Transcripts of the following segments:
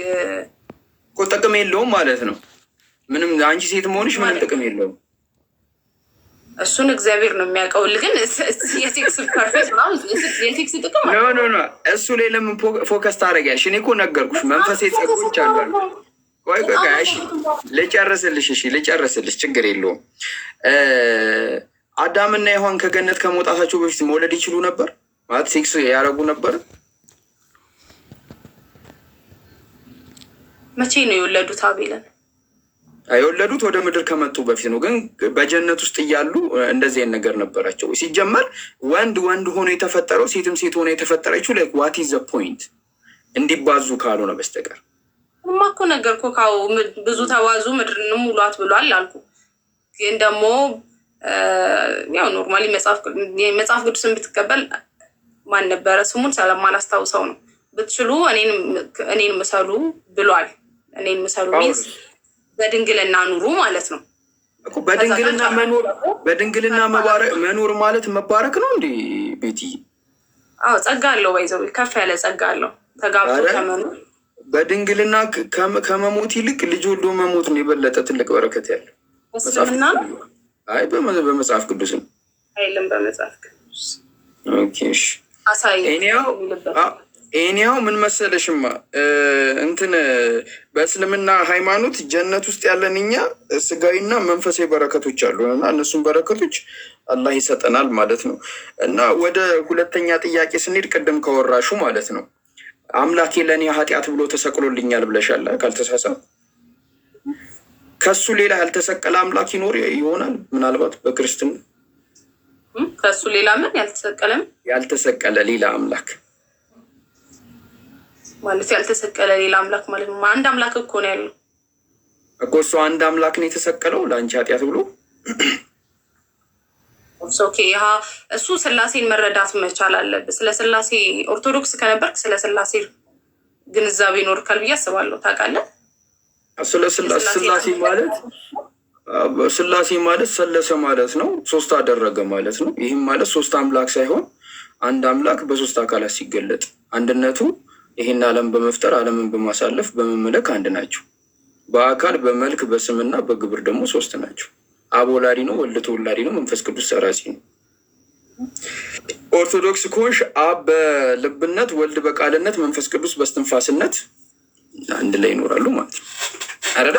ጥቅም የለውም ማለት ነው። ምንም አንቺ ሴት መሆንሽ ምንም ጥቅም የለውም። እሱን እግዚአብሔር ነው የሚያውቀው። ግን የሴክስ ፐርፌክት የሴክስ ጥቅም ኖ እሱ ላይ ለምን ፎከስ ታደርጊያለሽ? እኔ እኮ ነገርኩሽ መንፈሴ የጸጎች አሉ። ቆይ ቆይ ልጨርስልሽ፣ እሺ ልጨርስልሽ፣ ችግር የለውም። አዳምና ሔዋን ከገነት ከመውጣታቸው በፊት መውለድ ይችሉ ነበር ማለት ሴክስ ያደረጉ ነበር። መቼ ነው የወለዱት አቤልን? የወለዱት ወደ ምድር ከመጡ በፊት ነው። ግን በጀነት ውስጥ እያሉ እንደዚህ ነገር ነበራቸው። ሲጀመር ወንድ ወንድ ሆኖ የተፈጠረው ሴትም ሴት ሆኖ የተፈጠረችው ላይክ ዋት ኢዝ ዘ ፖይንት እንዲባዙ ካልሆነ በስተቀር ማኮ ነገር እኮ ካው ብዙ ተባዙ ምድርንም ሙሏት ብሏል አልኩ። ግን ደግሞ ያው ኖርማሊ መጽሐፍ ቅዱስን ብትቀበል ማን ነበረ ስሙን ስለማላስታውሰው ነው ብትችሉ እኔን ምሰሉ ብሏል። እኔ የምሰሩ ሚንስ በድንግልና ኑሩ ማለት ነው። በድንግልና መኖር በድንግልና መኖር ማለት መባረክ ነው እንዴ? ቤቲ አዎ፣ ጸጋ አለው። ወይዘው ከፍ ያለ ጸጋ አለው። ተጋብቶ ከመኖር በድንግልና ከመሞት ይልቅ ልጅ ወልዶ መሞት ነው የበለጠ ትልቅ በረከት ያለው። በስልምና አይ፣ በመጽሐፍ ቅዱስ ነው አይልም። በመጽሐፍ ቅዱስ ኦኬ፣ እሺ፣ ያው ይህንያው ምን መሰለሽማ እንትን በእስልምና ሃይማኖት ጀነት ውስጥ ያለን እኛ ስጋዊና መንፈሳዊ በረከቶች አሉ እና እነሱን በረከቶች አላህ ይሰጠናል ማለት ነው። እና ወደ ሁለተኛ ጥያቄ ስንሄድ ቅድም ከወራሹ ማለት ነው አምላኬ ለእኔ ኃጢአት ብሎ ተሰቅሎልኛል ብለሻለ ካልተሳሳ ከሱ ሌላ ያልተሰቀለ አምላክ ይኖር ይሆናል ምናልባት በክርስትና ከሱ ሌላ ምን ያልተሰቀለም ያልተሰቀለ ሌላ አምላክ ማለት ያልተሰቀለ ሌላ አምላክ ማለት ነው። አንድ አምላክ እኮ ነው ያለው እኮ እሱ አንድ አምላክ ነው የተሰቀለው ለአንቺ ኃጢአት ብሎ ያ እሱ ስላሴን መረዳት መቻል አለብህ። ስለ ስላሴ ኦርቶዶክስ ከነበርክ ስለ ስላሴ ግንዛቤ ይኖርካል ብዬ አስባለሁ። ታውቃለህ፣ ስለ ስላሴ ማለት ስላሴ ማለት ሰለሰ ማለት ነው፣ ሶስት አደረገ ማለት ነው። ይህም ማለት ሶስት አምላክ ሳይሆን አንድ አምላክ በሶስት አካላት ሲገለጥ አንድነቱ ይህን ዓለም በመፍጠር ዓለምን በማሳለፍ በመመለክ አንድ ናቸው። በአካል በመልክ በስምና በግብር ደግሞ ሶስት ናቸው። አብ ወላዲ ነው፣ ወልድ ተወላዲ ነው፣ መንፈስ ቅዱስ ሰራጺ ነው። ኦርቶዶክስ ከሆንሽ አብ በልብነት ወልድ በቃልነት መንፈስ ቅዱስ በስትንፋስነት አንድ ላይ ይኖራሉ ማለት ነው። አረዳ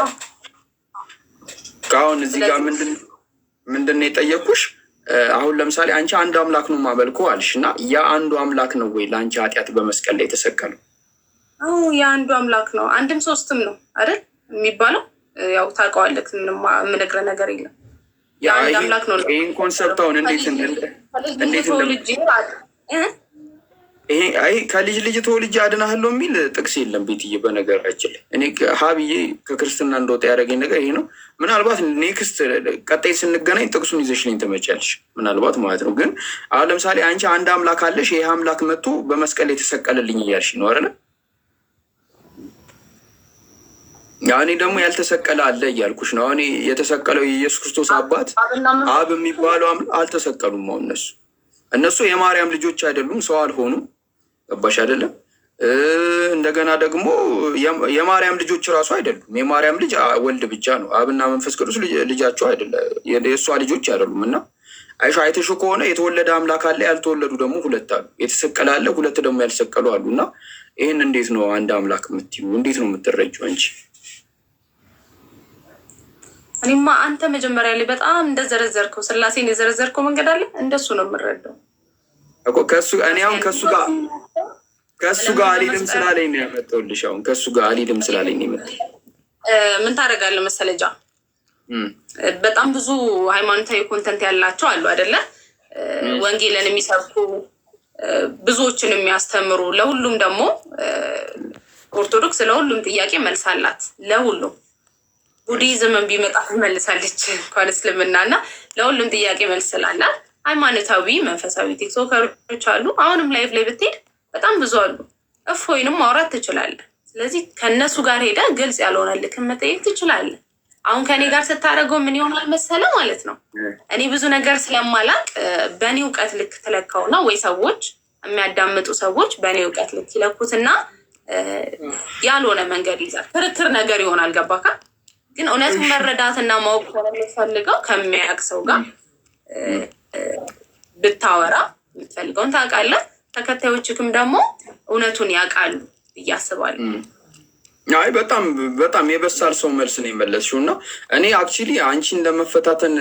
ከአሁን እዚህ ጋር ምንድን ነው የጠየቅኩሽ? አሁን ለምሳሌ አንቺ አንድ አምላክ ነው ማመልኮ አልሽ እና ያ አንዱ አምላክ ነው ወይ ለአንቺ ኃጢአት በመስቀል ላይ የተሰቀለው? አዎ ያ አንዱ አምላክ ነው። አንድም ሶስትም ነው አይደል የሚባለው። ያው ታውቀዋለህ፣ ምንም ነገር የለም። ያ አንድ አምላክ ነው። ይህን ኮንሰፕት አሁን እንዴት እንዴት ይሄ ከልጅ ልጅ ተወልጅ አድናሃለሁ የሚል ጥቅስ የለም። ቤትዬ በነገራችን ላይ እኔ ሀብዬ ከክርስትና እንደወጣ ያደረገኝ ነገር ይሄ ነው። ምናልባት ኔክስት ቀጣይ ስንገናኝ ጥቅሱን ይዘሽልኝ ትመጫለሽ፣ ምናልባት ማለት ነው። ግን አሁን ለምሳሌ አንቺ አንድ አምላክ አለሽ፣ ይህ አምላክ መጥቶ በመስቀል የተሰቀለልኝ እያልሽ ነው አይደለ? እኔ ደግሞ ያልተሰቀለ አለ እያልኩሽ ነው። እኔ የተሰቀለው የኢየሱስ ክርስቶስ አባት አብ የሚባለው አልተሰቀሉም አሁን እነሱ እነሱ የማርያም ልጆች አይደሉም፣ ሰው አልሆኑም። ገባሽ አይደለም? እንደገና ደግሞ የማርያም ልጆች እራሱ አይደሉም። የማርያም ልጅ ወልድ ብቻ ነው። አብና መንፈስ ቅዱስ ልጃቸው አይደለ፣ የእሷ ልጆች አይደሉም። እና አይሻ አይተሹ ከሆነ የተወለደ አምላክ አለ፣ ያልተወለዱ ደግሞ ሁለት አሉ። የተሰቀለ አለ፣ ሁለት ደግሞ ያልሰቀሉ አሉ። እና ይህን እንዴት ነው አንድ አምላክ የምትዩ? እንዴት ነው የምትረጁ አንቺ? እኔማ አንተ መጀመሪያ ላይ በጣም እንደዘረዘርከው ስላሴን የዘረዘርከው መንገድ አለ። እንደሱ ነው የምንረዳው እኮ ከሱ እኔ አሁን ከሱ ጋር ከሱ ጋር አልሄድም ስላለኝ ነው ያመጣሁልሽ። አሁን ከሱ ጋር አልሄድም ስላለኝ ነው የመጣሁት። ምን ታደርጋለህ መሰለጃ በጣም ብዙ ሃይማኖታዊ ኮንተንት ያላቸው አሉ አይደለ? ወንጌልን የሚሰብኩ ብዙዎችን የሚያስተምሩ ለሁሉም ደግሞ ኦርቶዶክስ ለሁሉም ጥያቄ መልስ አላት ለሁሉም ቡዲዝምን ቢመጣ ትመልሳለች እንኳን እስልምና እና ለሁሉም ጥያቄ መልስ ስላላት ሃይማኖታዊ መንፈሳዊ ቲክቶከሮች አሉ። አሁንም ላይፍ ላይ ብትሄድ በጣም ብዙ አሉ። ወይንም ማውራት ትችላለህ። ስለዚህ ከእነሱ ጋር ሄደ ግልጽ ያልሆነ ልክን መጠየቅ ትችላለህ። አሁን ከእኔ ጋር ስታደርገው ምን ይሆናል መሰለ ማለት ነው። እኔ ብዙ ነገር ስለማላቅ በእኔ እውቀት ልክ ትለካውና ወይ ሰዎች የሚያዳምጡ ሰዎች በእኔ እውቀት ልክ ይለኩትና ያልሆነ መንገድ ይዛል። ክርክር ነገር ይሆናል። ገባካል ግን እውነት መረዳትና ማወቅ ሆነ ከሚያውቅ ሰው ጋር ብታወራ የምትፈልገውን ታውቃለህ። ተከታዮችክም ደግሞ እውነቱን ያውቃሉ ብዬ አስባለሁ። አይ በጣም በጣም የበሳል ሰው መልስ ነው የመለስሽው። እና እኔ አክቹዋሊ አንቺን ለመፈታተን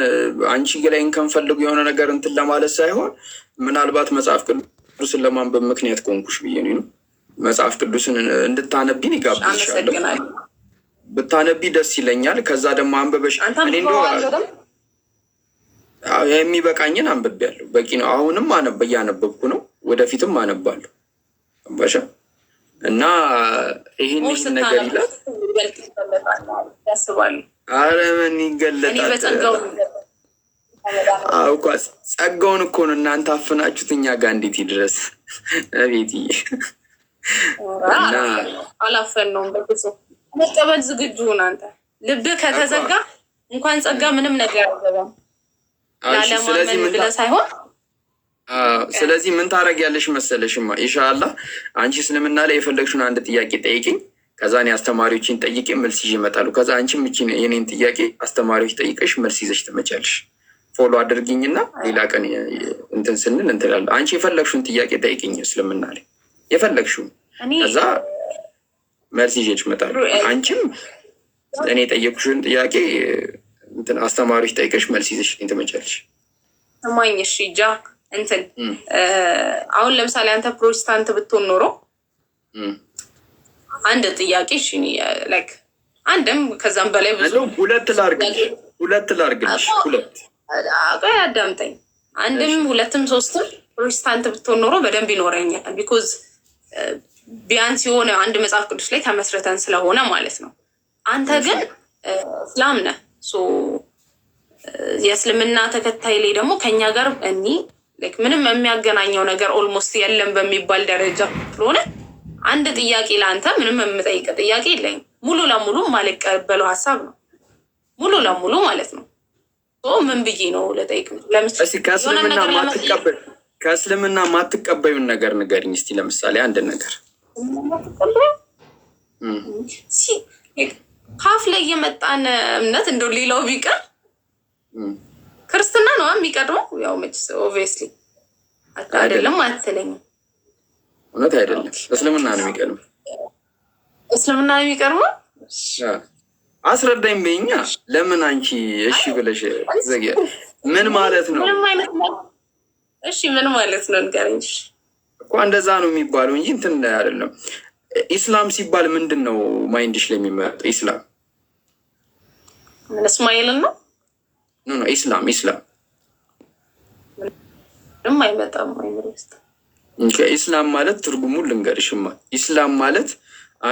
አንቺ ላይ ከንፈልጉ የሆነ ነገር እንትን ለማለት ሳይሆን ምናልባት መጽሐፍ ቅዱስን ለማንበብ ምክንያት ኮንኩሽ ብዬ ነው። መጽሐፍ ቅዱስን እንድታነቢን ይጋብዝሻለሁ። ብታነቢ ደስ ይለኛል። ከዛ ደግሞ አንብበሽ እኔ የሚበቃኝን አንብቤያለሁ፣ በቂ ነው። አሁንም እያነበብኩ ነው፣ ወደፊትም አነባለሁ። አንበሻ እና ይህን ነገር ይላል። ኧረ ምን ይገለጣል? ጸጋውን እኮ ነው እናንተ አፍናችሁት፣ እኛ ጋር እንዴት ይድረስ? ቤትዬ አላፈን ነው መቀበል ዝግጁ ሁን። አንተ ልብህ ከተዘጋ እንኳን ጸጋ ምንም ነገር አይገባም። ላለማመን ብለህ ሳይሆን ስለዚህ ምን ታደርጊያለሽ መሰለሽማ፣ ኢንሻላህ አንቺ እስልምና ላይ የፈለግሽውን አንድ ጥያቄ ጠይቅኝ። ከዛ እኔ አስተማሪዎችን ጠይቄ መልስ ይዤ እመጣለሁ። ከዛ አንቺ እቺን የኔን ጥያቄ አስተማሪዎች ጠይቀሽ መልስ ይዘሽ ትመጫለሽ። ፎሎ አድርግኝና ሌላ ቀን እንትን ስንል እንትላለ። አንቺ የፈለግሽውን ጥያቄ ጠይቅኝ እስልምና ላይ የፈለግሽውን ከዛ መልስ ይዤልሽ እመጣለሁ። አንቺም እኔ የጠየኩሽን ጥያቄ እንትን አስተማሪዎች ጠይቀሽ መልስ ይዘሽ ትመጫለሽ። ሰማኝ። እሺ ጃ እንትን አሁን ለምሳሌ አንተ ፕሮቴስታንት ብትሆን ኖሮ አንድ ጥያቄ ላይክ አንድም ከዛም በላይ ብዙ ሁለት ላርግልሽ ሁለት ላርግልሽ ሁለት አዳምጠኝ። አንድም ሁለትም ሶስትም ፕሮቴስታንት ብትሆን ኖሮ በደንብ ይኖረኛል ቢኮዝ ቢያንስ የሆነ አንድ መጽሐፍ ቅዱስ ላይ ተመስረተን ስለሆነ ማለት ነው። አንተ ግን እስላም ነህ። የእስልምና ተከታይ ላይ ደግሞ ከኛ ጋር እኒ ምንም የሚያገናኘው ነገር ኦልሞስት የለም በሚባል ደረጃ ስለሆነ አንድ ጥያቄ ለአንተ ምንም የምጠይቀ ጥያቄ የለኝም። ሙሉ ለሙሉ ማልቀበለው ሀሳብ ነው። ሙሉ ለሙሉ ማለት ነው። ምን ብዬ ነው ልጠይቅ? ከእስልምና ማትቀበዩን ነገር ንገሪኝ እስቲ። ለምሳሌ አንድ ነገር ካፍ ላይ የመጣን እምነት እንደው ሌላው ቢቀር ክርስትና ነው የሚቀድመው። ያው መችስ ኦብቪየስሊ አይደለም አትለኝም፣ እውነት አይደለም። እስልምና ነው የሚቀድመው። እስልምና ነው የሚቀድመው። አስረዳኝ በኛ ለምን አንቺ እሺ ብለሽ ዘጊያ ምን ማለት ነው? እሺ ምን ማለት ነው ንገረኝ። እኮ እንደዛ ነው የሚባለው እንጂ እንትን አይደለም። ኢስላም ሲባል ምንድን ነው ማይንድሽ ላይ የሚመጣው? ኢስላም እስማኤልን ነው ኢስላም ኢስላም አይመጣም። ኢስላም ማለት ትርጉሙ ልንገርሽማ። ኢስላም ማለት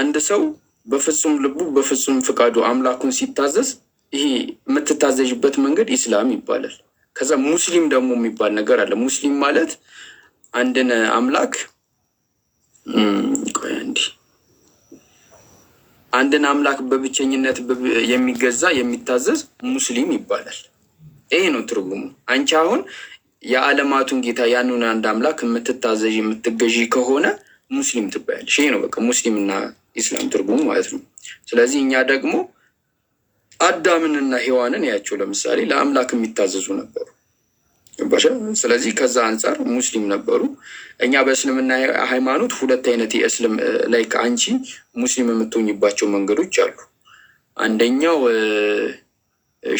አንድ ሰው በፍጹም ልቡ በፍጹም ፍቃዱ አምላኩን ሲታዘዝ፣ ይሄ የምትታዘዥበት መንገድ ኢስላም ይባላል። ከዛ ሙስሊም ደግሞ የሚባል ነገር አለ። ሙስሊም ማለት አንድን አምላክ አንድን አምላክ በብቸኝነት የሚገዛ የሚታዘዝ ሙስሊም ይባላል። ይሄ ነው ትርጉሙ። አንቺ አሁን የዓለማቱን ጌታ ያንን አንድ አምላክ የምትታዘዥ የምትገዢ ከሆነ ሙስሊም ትባያለሽ። ይሄ ነው በቃ ሙስሊምና ኢስላም ትርጉሙ ማለት ነው። ስለዚህ እኛ ደግሞ አዳምንና ሔዋንን ያቸው ለምሳሌ ለአምላክ የሚታዘዙ ነበሩ። ነበረ። ስለዚህ ከዛ አንጻር ሙስሊም ነበሩ። እኛ በእስልምና ሃይማኖት ሁለት አይነት የእስልም ላይክ አንቺ ሙስሊም የምትሆኝባቸው መንገዶች አሉ። አንደኛው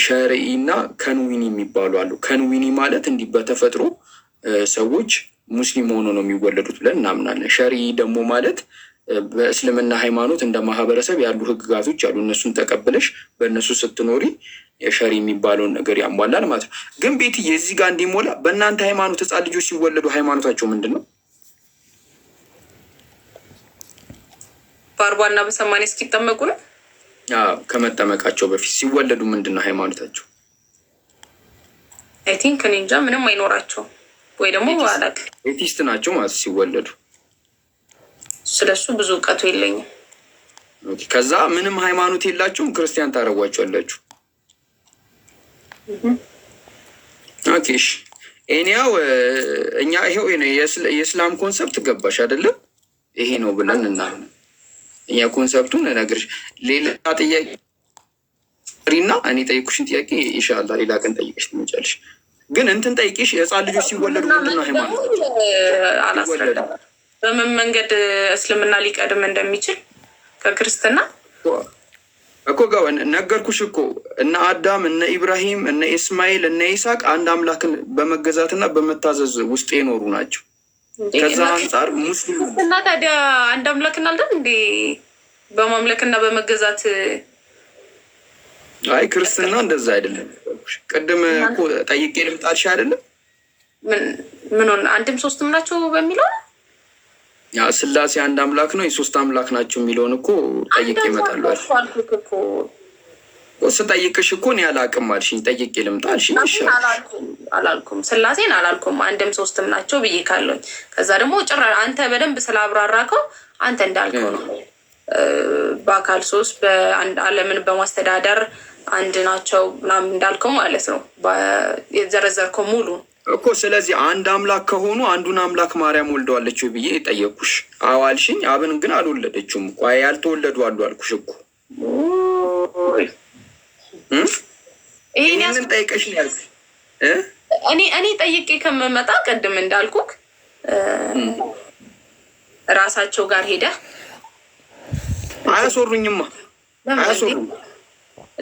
ሸርዒ እና ከንዊኒ የሚባሉ አሉ። ከንዊኒ ማለት እንዲህ በተፈጥሮ ሰዎች ሙስሊም ሆኖ ነው የሚወለዱት ብለን እናምናለን። ሸርዒ ደግሞ ማለት በእስልምና ሃይማኖት እንደ ማህበረሰብ ያሉ ህግጋቶች አሉ። እነሱን ተቀብለሽ በእነሱ ስትኖሪ የሸሪ የሚባለውን ነገር ያሟላል ማለት ነው። ግን ቤት የዚህ ጋር እንዲሞላ በእናንተ ሃይማኖት ህፃን ልጆች ሲወለዱ ሃይማኖታቸው ምንድን ነው? በአርባና በሰማንያ እስኪጠመቁ ነው። ከመጠመቃቸው በፊት ሲወለዱ ምንድን ነው ሃይማኖታቸው? አይ ቲንክ እኔ እንጃ ምንም አይኖራቸው ወይ ደግሞ ኤቲስት ናቸው ማለት ሲወለዱ። ስለሱ ብዙ እውቀቱ የለኝም። ከዛ ምንም ሃይማኖት የላቸውም። ክርስቲያን ታረጓቸዋላችሁ ኦኬሽ እሺ። ኤኒያው እኛ ይሄው የእስላም ኮንሰፕት ገባሽ አይደለም? ይሄ ነው ብለን እና እኛ ኮንሰፕቱን እነግርሽ። ሌላ ጥያቄ ሪና እኔ ጠይቁሽን ጥያቄ ኢንሻላህ ሌላ ቀን ጠይቀሽ ትመጫለሽ። ግን እንትን ጠይቂሽ የህፃን ልጆች ሲወለዱ ነው ሃይማኖት በምን መንገድ እስልምና ሊቀድም እንደሚችል ከክርስትና እኮ ነገርኩሽ እኮ እነ አዳም እነ ኢብራሂም እነ ኢስማኤል እነ ኢስሐቅ አንድ አምላክን በመገዛትና በመታዘዝ ውስጥ የኖሩ ናቸው። ከዛ አንጻር ሙስሊም እና ታዲያ አንድ አምላክ አልደል እንዴ በማምለክና በመገዛት አይ ክርስትና እንደዛ አይደለም። ቅድም ጠይቄ ልምጣልሽ አይደለም ምን ምን አንድም ሶስትም ናቸው በሚለው ስላሴ አንድ አምላክ ነው የሶስት አምላክ ናቸው የሚለውን እኮ ጠይቄ እመጣለሁ ስጠይቅሽ እኮ እኔ አላቅም አልሽኝ። ጠይቄ ልምጣ አልሽኝ። አላልኩም ስላሴን አላልኩም አንድም ሶስትም ናቸው ብዬ ካለኝ ከዛ ደግሞ ጭራ አንተ በደንብ ስላብራራከው አንተ እንዳልከው ነው በአካል ሶስት ዓለምን በማስተዳደር አንድ ናቸው ምናምን እንዳልከው ማለት ነው የዘረዘርከው ሙሉ እኮ ስለዚህ አንድ አምላክ ከሆኑ አንዱን አምላክ ማርያም ወልደዋለች ብዬ የጠየኩሽ አዋልሽኝ። አብን ግን አልወለደችውም እኮ ያልተወለዱ አሉ አልኩሽ እኮ ይህንን ጠይቀሽ እኔ እኔ ጠይቄ ከምመጣ ቅድም እንዳልኩክ ራሳቸው ጋር ሄደ አያስወሩኝማ። አያስወሩ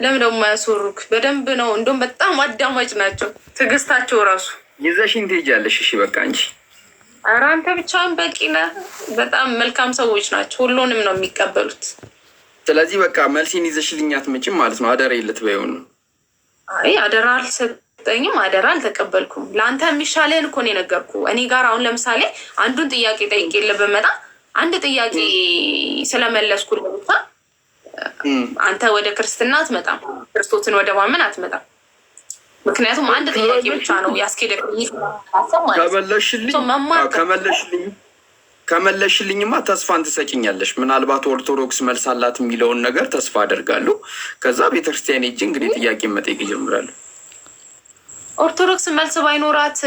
ለምን ደግሞ አያስወሩክ? በደንብ ነው እንደውም በጣም አዳማጭ ናቸው። ትዕግስታቸው ራሱ ይዘሽኝ ትሄጃለሽ። እሺ በቃ እንጂ ኧረ አንተ ብቻህን በቂ ነህ። በጣም መልካም ሰዎች ናቸው፣ ሁሉንም ነው የሚቀበሉት። ስለዚህ በቃ መልሲን ይዘሽልኝ አትመጭም ማለት ነው። አደራ የለት በይሆን አይ አደራ አልሰጠኝም፣ አደራ አልተቀበልኩም። ለአንተ የሚሻልህን እኮ ነው የነገርኩህ። እኔ ጋር አሁን ለምሳሌ አንዱን ጥያቄ ጠይቄልህ ብመጣ አንድ ጥያቄ ስለመለስኩልህ ብቻ አንተ ወደ ክርስትና አትመጣም፣ ክርስቶስን ወደ ማመን አትመጣም። ምክንያቱም አንድ ጥያቄ ብቻ ነው ያስኬደ ከመለሽልኝማ ተስፋ እንትሰጭኛለሽ። ምናልባት ኦርቶዶክስ መልስ አላት የሚለውን ነገር ተስፋ አደርጋለሁ። ከዛ ቤተክርስቲያን ሄጄ እንግዲህ ጥያቄ መጠየቅ ይጀምራሉ። ኦርቶዶክስ መልስ ባይኖራት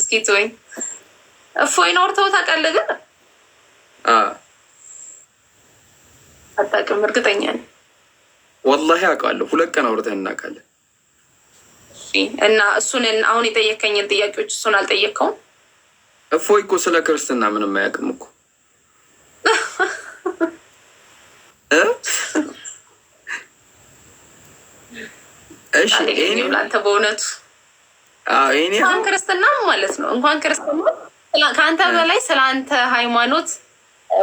እስኪ ወይ እፎይ ነው ኦርቶዶክስ ታውቃለህ? ግን አታውቅም። እርግጠኛ ነኝ። ወላሂ አውቃለሁ። ሁለት ቀን አውርተን እናውቃለን። እና እሱን አሁን የጠየከኝን ጥያቄዎች እሱን አልጠየቀውም እፎይ እኮ ስለ ክርስትና ምንም አያውቅም እኮ ላንተ በእውነቱ እንኳን ክርስትና ማለት ነው እንኳን ክርስትና ከአንተ በላይ ስለ አንተ ሃይማኖት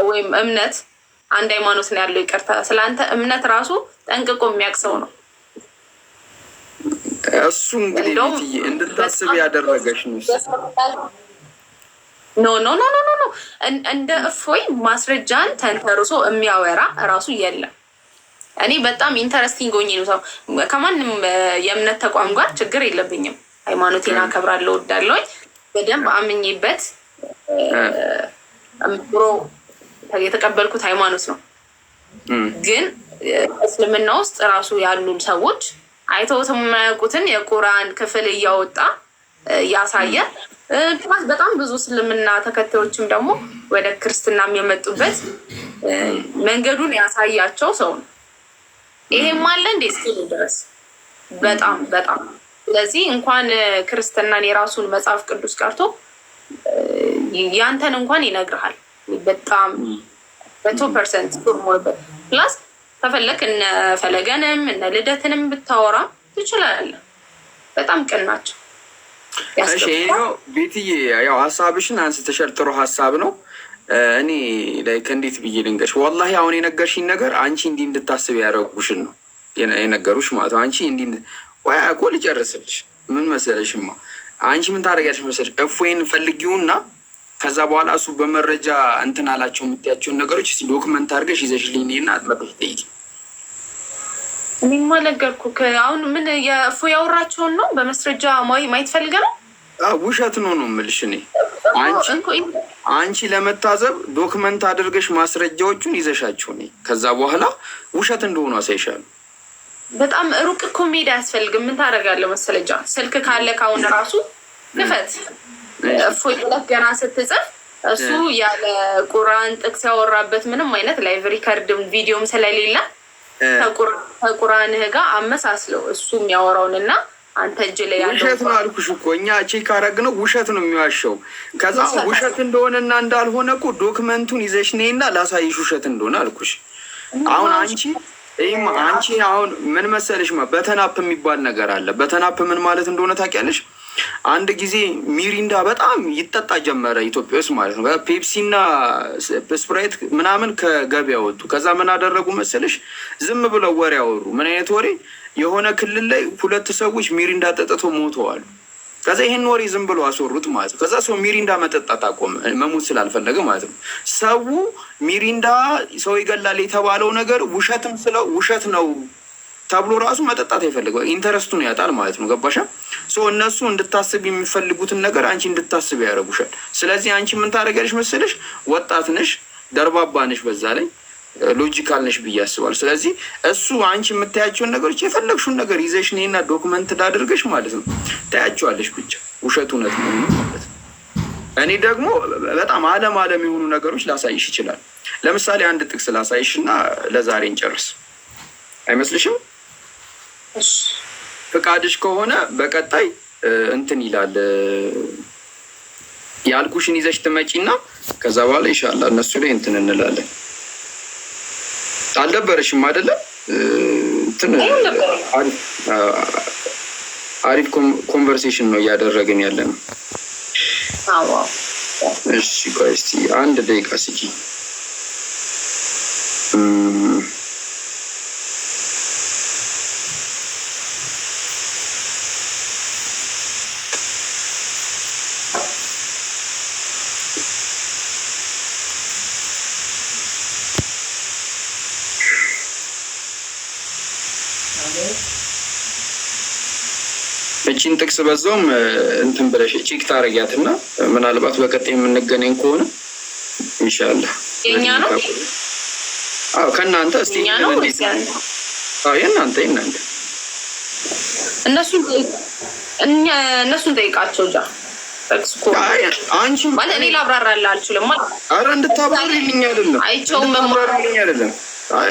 ወይም እምነት አንድ ሃይማኖት ነው ያለው ይቅርታ፣ ስለ አንተ እምነት ራሱ ጠንቅቆ የሚያውቅ ሰው ነው። እሱ እንግዲህ እንድታስብ ነው። ኖ ኖ ኖ ኖ ኖ እንደ እፎይ ማስረጃን ተንተርሶ የሚያወራ እራሱ የለም። እኔ በጣም ኢንተረስቲንግ ሆኜ ነው ሰው ከማንም የእምነት ተቋም ጋር ችግር የለብኝም። ሃይማኖቴን አከብራለሁ፣ በደንብ አምኜበት ምሮ የተቀበልኩት ሃይማኖት ነው። ግን እስልምና ውስጥ እራሱ ሰዎች አይተውት የማያውቁትን የቁርአን ክፍል እያወጣ እያሳየ ፕላስ በጣም ብዙ እስልምና ተከታዮችም ደግሞ ወደ ክርስትናም የመጡበት መንገዱን ያሳያቸው ሰው ነው። ይሄም አለ እንዴ እስኪሉ ድረስ በጣም በጣም ስለዚህ እንኳን ክርስትናን የራሱን መጽሐፍ ቅዱስ ቀርቶ ያንተን እንኳን ይነግርሃል። በጣም መቶ ፐርሰንት ፕላስ ከፈለክ እነ ፈለገንም እነ ልደትንም ብታወራ ትችላለህ። በጣም ቅን ናቸው። ቤትዬ፣ ያው ሀሳብሽን አንስተሻል። ጥሩ ሀሳብ ነው። እኔ ላይ እንዴት ብዬ ልንገርሽ፣ ወላሂ አሁን የነገርሽኝ ነገር አንቺ እንዲህ እንድታስብ ያደረጉሽን ነው የነገሩሽ ማለት ነው። አንቺ እንዲህ ወይ እኮ ልጨርስልሽ። ምን መሰለሽማ አንቺ ምን ታደርጊያለሽ መሰለሽ፣ እፎይን ፈልጊውና ከዛ በኋላ እሱ በመረጃ እንትን አላቸው የምትያቸውን ነገሮች ዶክመንት አድርገሽ ይዘሽልኝ እና አጥመቅሽ ጠይቂ እኔማ ነገርኩህ። አሁን ምን የእፎ ያወራቸውን ነው በመስረጃ ማየት ፈልገህ ነው? ውሸት ነው ነው የምልሽ። እኔ አንቺ ለመታዘብ ዶክመንት አድርገሽ ማስረጃዎቹን ይዘሻቸው እኔ ከዛ በኋላ ውሸት እንደሆኑ አሳይሻለሁ። በጣም ሩቅ እኮ መሄድ አያስፈልግም። ምን ታደርጋለህ መሰለጃ ስልክ ካለ ካሁን ራሱ ንፈት እፎ ገና ስትጽፍ እሱ ያለ ቁራን ጥቅስ ያወራበት ምንም አይነት ላይቭ ሪከርድም ቪዲዮም ስለሌለ ከቁርአንህ ጋር አመሳስለው እሱ የሚያወራውንና አንተ እጅ ላይ ያለው ውሸት ነው አልኩሽ እኮ እኛ ቼክ አደረግነው። ውሸት ነው የሚዋሸው። ከዛ ውሸት እንደሆነና እንዳልሆነ እኮ ዶክመንቱን ይዘሽ ነይና ላሳይሽ ውሸት እንደሆነ አልኩሽ። አሁን አንቺ አንቺ አሁን ምን መሰለሽ፣ በተናፕ የሚባል ነገር አለ። በተናፕ ምን ማለት እንደሆነ ታውቂያለሽ? አንድ ጊዜ ሚሪንዳ በጣም ይጠጣ ጀመረ ኢትዮጵያ ውስጥ ማለት ነው። ፔፕሲና ስፕራይት ምናምን ከገበያ ወጡ። ከዛ ምን አደረጉ መሰለሽ? ዝም ብለው ወሬ ያወሩ። ምን አይነት ወሬ? የሆነ ክልል ላይ ሁለት ሰዎች ሚሪንዳ ጠጥቶ ሞተዋል። ከዛ ይህን ወሬ ዝም ብሎ አስወሩት ማለት ነው። ከዛ ሰው ሚሪንዳ መጠጣት አቆመ፣ መሞት ስላልፈለገ ማለት ነው። ሰው ሚሪንዳ ሰው ይገላል የተባለው ነገር ውሸትም ስለው ውሸት ነው ተብሎ ራሱ መጠጣት አይፈልገው ኢንተረስቱን ያጣል ማለት ነው። ገባሻ? እነሱ እንድታስብ የሚፈልጉትን ነገር አንቺ እንድታስብ ያደርጉሻል። ስለዚህ አንቺ ምን ታደርጊያለሽ መሰለሽ? ወጣት ነሽ፣ ደርባባ ነሽ፣ በዛ ላይ ሎጂካል ነሽ ብዬ አስባለሁ። ስለዚህ እሱ አንቺ የምታያቸውን ነገሮች የፈለግሽውን ነገር ይዘሽ ነይና ዶክመንት ዳድርገሽ ማለት ነው ታያቸዋለሽ። ብቻ ውሸት እውነት ነው ማለት ነው። እኔ ደግሞ በጣም አለም አለም የሆኑ ነገሮች ላሳይሽ ይችላል። ለምሳሌ አንድ ጥቅስ ላሳይሽ እና ለዛሬ እንጨርስ አይመስልሽም? ፍቃድሽ ከሆነ በቀጣይ እንትን ይላል ያልኩሽን ይዘሽ ትመጪና ከዛ በኋላ ይሻላ እነሱ ላይ እንትን እንላለን። አልደበረሽም አይደለም? አሪፍ ኮንቨርሴሽን ነው እያደረግን ያለ ነው። እሺ ቆይ እስኪ አንድ ደቂቃ ስጪ። እቺን ጥቅስ በዛውም እንትን ብለሽ ቼክ ታረጊያት እና ምናልባት በቀጣይ የምንገናኝ ከሆነ ኢንሻላህ የእኛ ነው ከእናንተ እስኪ የእናንተ የእናንተ እነሱን ጠይቃቸው ጃ አንቺ ማለት እኔ ላብራራልህ አልችልም። ኧረ እንድታብራሪልኝ አይደለም አይቼውም እንድታብራሪልኝ አይደለም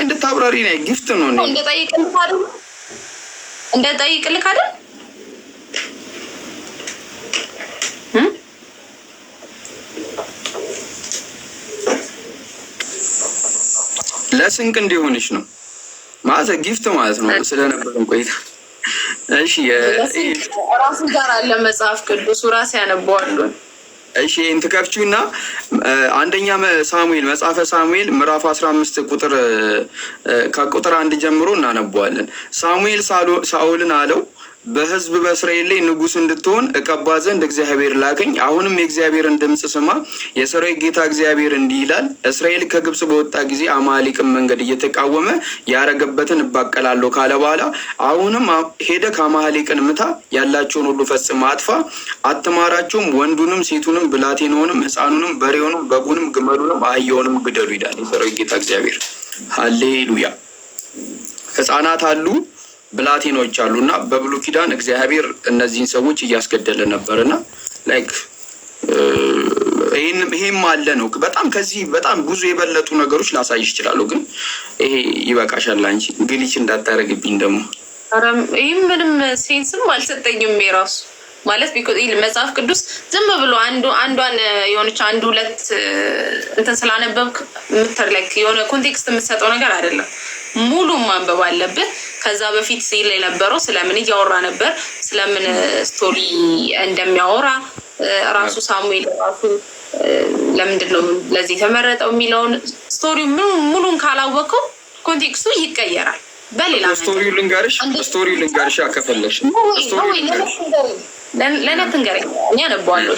እንድታብራሪ ነ ጊፍት ነው እንደ ጠይቅልህ አይደል ለስንቅ እንዲሆንሽ ነው ማለት ጊፍት ማለት ነው። ስለነበረን ቆይታ እሺ፣ ራሱ ጋር አለ መጽሐፍ ቅዱሱ ራሴ ያነበዋሉ። እሺ ይህን ትከፍቺው እና አንደኛ ሳሙኤል መጽሐፈ ሳሙኤል ምዕራፍ አስራ አምስት ቁጥር ከቁጥር አንድ ጀምሮ እናነበዋለን። ሳሙኤል ሳኦልን አለው በህዝብ በእስራኤል ላይ ንጉስ እንድትሆን እቀባ ዘንድ እግዚአብሔር ላከኝ። አሁንም የእግዚአብሔርን ድምፅ ስማ፣ የሰራዊት ጌታ እግዚአብሔር እንዲህ ይላል፣ እስራኤል ከግብፅ በወጣ ጊዜ አማሊቅን መንገድ እየተቃወመ ያረገበትን እባቀላለሁ ካለ በኋላ አሁንም ሄደህ አማሊቅን ምታ፣ ያላቸውን ሁሉ ፈጽመ አጥፋ፣ አትማራቸውም፣ ወንዱንም፣ ሴቱንም፣ ብላቴናውንም፣ ህፃኑንም በሬውንም፣ በጉንም፣ ግመሉንም፣ አህያውንም ግደሉ ይላል የሰራዊት ጌታ እግዚአብሔር። ሀሌሉያ። ህፃናት አሉ ብላቴኖች አሉ እና በብሉ ኪዳን እግዚአብሔር እነዚህን ሰዎች እያስገደለ ነበር እና ላይክ ይሄም አለ ነው። በጣም ከዚህ በጣም ብዙ የበለጡ ነገሮች ላሳይሽ ይችላሉ፣ ግን ይሄ ይበቃሻል። አንቺ ግሊች እንዳታረግብኝ ደግሞ ይህም ምንም ሴንስም አልሰጠኝም። የራሱ ማለት መጽሐፍ ቅዱስ ዝም ብሎ አንዱ አንዷን የሆነች አንድ ሁለት እንትን ስላነበብክ ላይክ የሆነ ኮንቴክስት የምትሰጠው ነገር አይደለም። ሙሉም ማንበብ አለብን። ከዛ በፊት ሲል የነበረው ስለምን እያወራ ነበር፣ ስለምን ስቶሪ እንደሚያወራ ራሱ ሳሙኤል ራሱ ለምንድን ነው ለዚህ የተመረጠው የሚለውን ስቶሪው ሙሉን ካላወቀው ኮንቴክስቱ ይቀየራል። በሌላ ስቶሪው ልንገርሽ፣ ስቶሪው ልንገርሽ ከፈለግሽ ለእነት ንገረኝ፣ እኔ አነበዋለሁ።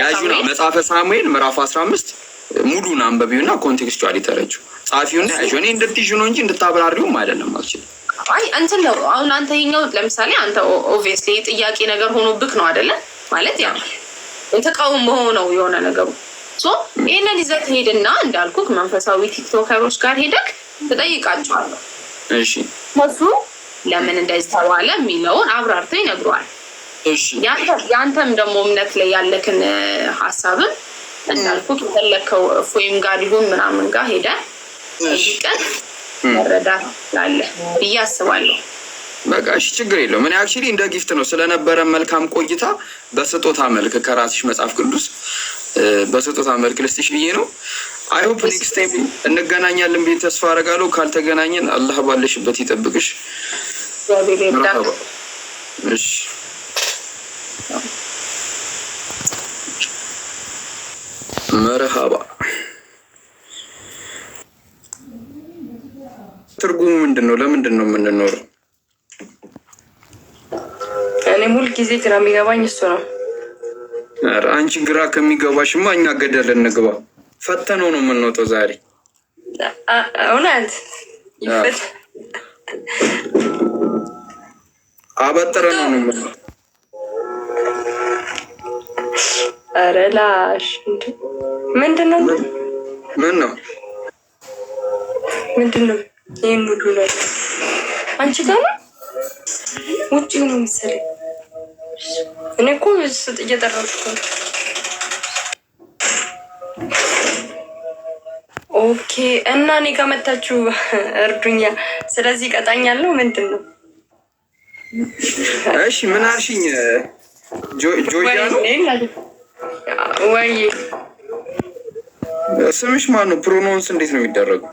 ያዡና መጽሐፈ ሳሙኤል ምዕራፍ አስራ አምስት ሙሉን አንበቢውና ኮንቴክስቹዋሊ ተረጁ ጸሐፊውና እኔ እንድትይዥ ነው እንጂ እንድታብራሪውም አይደለም አልችል አይ እንትን ነው አሁን አንተ ይኛው ለምሳሌ አንተ ኦብቪየስሊ ጥያቄ ነገር ሆኖ ብክ ነው አይደለ? ማለት ያ ተቃውሞ ነው የሆነ ነገሩ። ይህንን ይዘት ሄድና እንዳልኩህ መንፈሳዊ ቲክቶከሮች ጋር ሄደክ ትጠይቃቸዋለሁ። እሺ እሱ ለምን እንደዚህ ተባለ የሚለውን አብራርተው ይነግረዋል። የአንተም ደግሞ እምነት ላይ ያለክን ሀሳብም እንዳልኩህ የፈለከው ፎይም ጋር ይሁን ምናምን ጋር ሄደህ ቀን መረዳት ላለ ብዬ አስባለሁ። በቃ እሺ፣ ችግር የለውም። እኔ አክቹዋሊ እንደ ጊፍት ነው ስለነበረ መልካም ቆይታ በስጦታ መልክ ከራስሽ መጽሐፍ ቅዱስ በስጦታ መልክ ልስጥሽ ብዬ ነው። አይሆፕ ኔክስት ታይም እንገናኛለን ብዬ ተስፋ አደርጋለሁ። ካልተገናኘን አላህ ባለሽበት ይጠብቅሽ። መርሃባ ትርጉሙ ምንድን ነው? ለምንድን ነው የምንኖረው? እኔም ሁል ጊዜ ግራ የሚገባኝ እሱ ነው። አንቺ ግራ ከሚገባሽማ እኛ ገደል እንግባ። ፈተነው ነው የምንወጣው ዛሬ እውነት አበጥረ ነው ነው ኧረ ምንድን ነው ምን ነው ምንድን ነው የምሉ ነገር አንቺ ጋር ውጭ ነው መሰለኝ። እኔ እኮ ስጥ እየጠራችሁ ኦኬ። እና እኔ ጋር መታችሁ እርዱኛ። ስለዚህ ቀጣኛለሁ። ምንድን ነው? እሺ ምን አልሽኝ? ጆያ ነው ወይ ስምሽ? ማን ነው? ፕሮኖንስ እንዴት ነው የሚደረገው?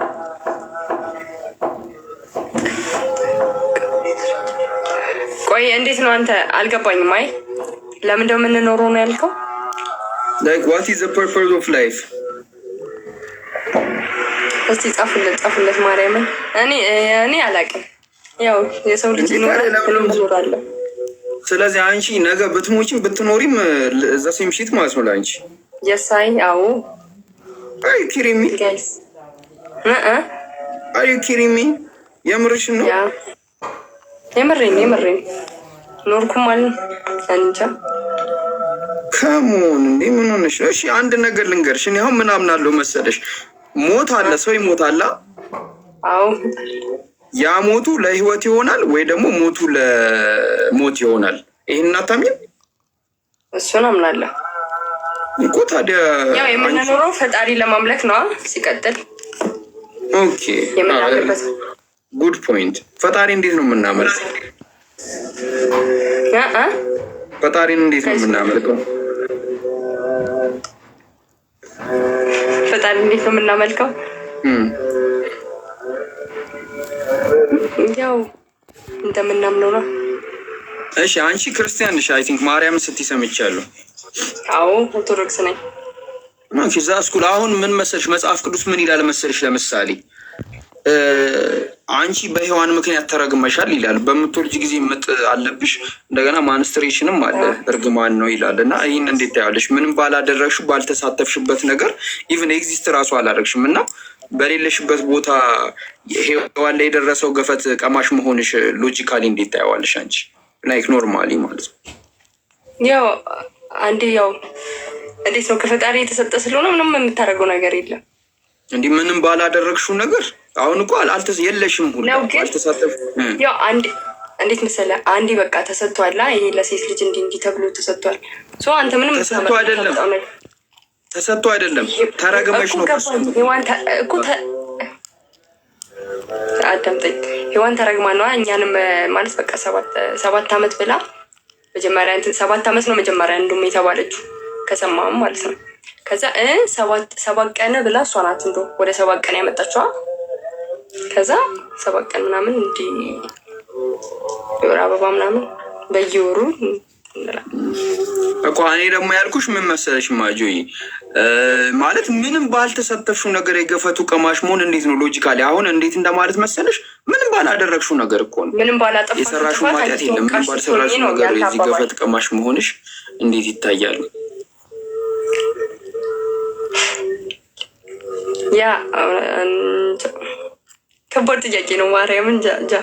ቆይ እንዴት ነው አንተ? አልገባኝም። አይ ለምን እንደው የምንኖረው ነው ያልከው? ላይክ ዋት ኢዝ ዘ ፐርፐዝ ኦፍ ላይፍ? እስቲ ጻፉለት፣ ጻፉለት ማርያምን። እኔ እኔ አላውቅም። ያው የሰው ልጅ ይኖራል ይኖራል። ስለዚህ አንቺ ነገ ብትሞችም ብትኖሪም እዛ ሴም ሺት ማለት ነው ለአንቺ። የሳይ አዎ አይ ኪሪሚ ጋይስ አይ ኪሪሚ የምርሽ ነው የምሬን የምሬን ኖርኩም አለ እንጃ ከመሆን እንዴ ምን ሆነሽ? እሺ አንድ ነገር ልንገርሽ። እኔ አሁን ምን አምናለሁ መሰለሽ፣ ሞት አለ፣ ሰው ይሞታል። አዎ ያ ሞቱ ለህይወት ይሆናል ወይ ደግሞ ሞቱ ለሞት ይሆናል። ይሄን አታምኝም? እሱን አምናለሁ እኮ። ታዲያ ያው የምንኖረው ፈጣሪ ለማምለክ ነው ሲቀጥል ኦኬ ጉድ ፖይንት። ፈጣሪ እንዴት ነው የምናመልከው? ፈጣሪን እንዴት ነው የምናመልከው? ፈጣሪ እንዴት ነው የምናመልከው? ያው እንደምናምነው ነው። እሺ አንቺ ክርስቲያን ነሽ? አይ ቲንክ ማርያምን ስትይ ሰምቻለሁ። አዎ ኦርቶዶክስ ነኝ። ዛ ስኩል አሁን ምን መሰልሽ፣ መጽሐፍ ቅዱስ ምን ይላል መሰልሽ ለምሳሌ አንቺ በሔዋን ምክንያት ተረግመሻል ይላል። በምትወልጅ ጊዜ ምጥ አለብሽ፣ እንደገና ማንስትሬሽንም አለ እርግማን ነው ይላል። እና ይህን እንዴት ታያለሽ? ምንም ባላደረግሽው ባልተሳተፍሽበት ነገር ኢቭን ኤግዚስት እራሱ አላደረግሽም እና በሌለሽበት ቦታ ሔዋን ላይ የደረሰው ገፈት ቀማሽ መሆንሽ ሎጂካሊ እንዴት ታየዋለሽ አንቺ? ላይክ ኖርማሊ ማለት ነው ያው አንዴ ያው እንዴት ነው ከፈጣሪ የተሰጠ ስለሆነ ምንም የምታደርገው ነገር የለም እንዲህ ምንም ባላደረግሽው ነገር አሁን እኮ አልተስ የለሽም ሁሉ አልተሳተፍ ያው አንድ እንዴት መሰለህ አንዴ በቃ ተሰጥቷላ። ይሄ ለሴት ልጅ እንዲህ እንዲህ ተብሎ ተሰጥቷል። ሶ አንተ ምንም ተሰጥቶ አይደለም ተሰጥቶ አይደለም ተረግመሽ ነው እኮ። አዳምጠኝ ሔዋን ተረግማ ነዋ። እኛንም ማለት በቃ ሰባት አመት ብላ መጀመሪያ ሰባት አመት ነው መጀመሪያ እንዱም የተባለችው ከሰማም ማለት ነው። ከዛ ሰባት ቀን ብላ እሷ ናት እንዶ ወደ ሰባት ቀን ያመጣችኋል ከዛ ሰባት ቀን ምናምን እንዲ የወር አበባ ምናምን በየወሩ እኮ እኔ ደግሞ ያልኩሽ ምን መሰለሽ ማጆይ ማለት ምንም ባልተሳተፍሽው ነገር የገፈቱ ቀማሽ መሆን እንዴት ነው ሎጂካሊ? አሁን እንዴት እንደማለት መሰለሽ ምንም ባላደረግሽው ነገር እኮ ነው። ምንም ባላጠፋሽ የሰራሽው ማጥያት የለም። ምንም ባልሰራሽው ነገር የዚህ ገፈት ቀማሽ መሆንሽ እንዴት ይታያል? ያ ከባድ ጥያቄ ነው። ማርያምን ጃ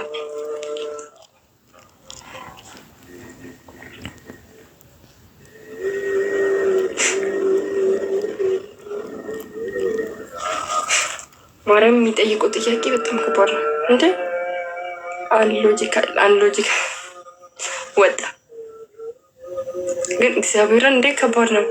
ማርያም የሚጠይቀው ጥያቄ በጣም ከባድ ነው። እንደ አንሎጂካል አንሎጂካል ወጣ ግን እግዚአብሔርን እንዴ ከባድ ነው።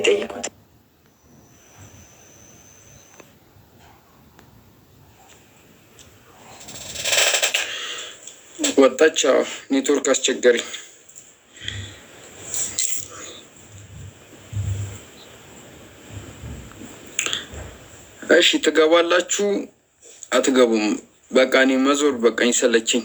የጠየቁት። ወጣች። ኔትወርክ አስቸገረኝ። እሺ ትገባላችሁ? አትገቡም? በቃ እኔ መዞር በቃኝ፣ ሰለቸኝ።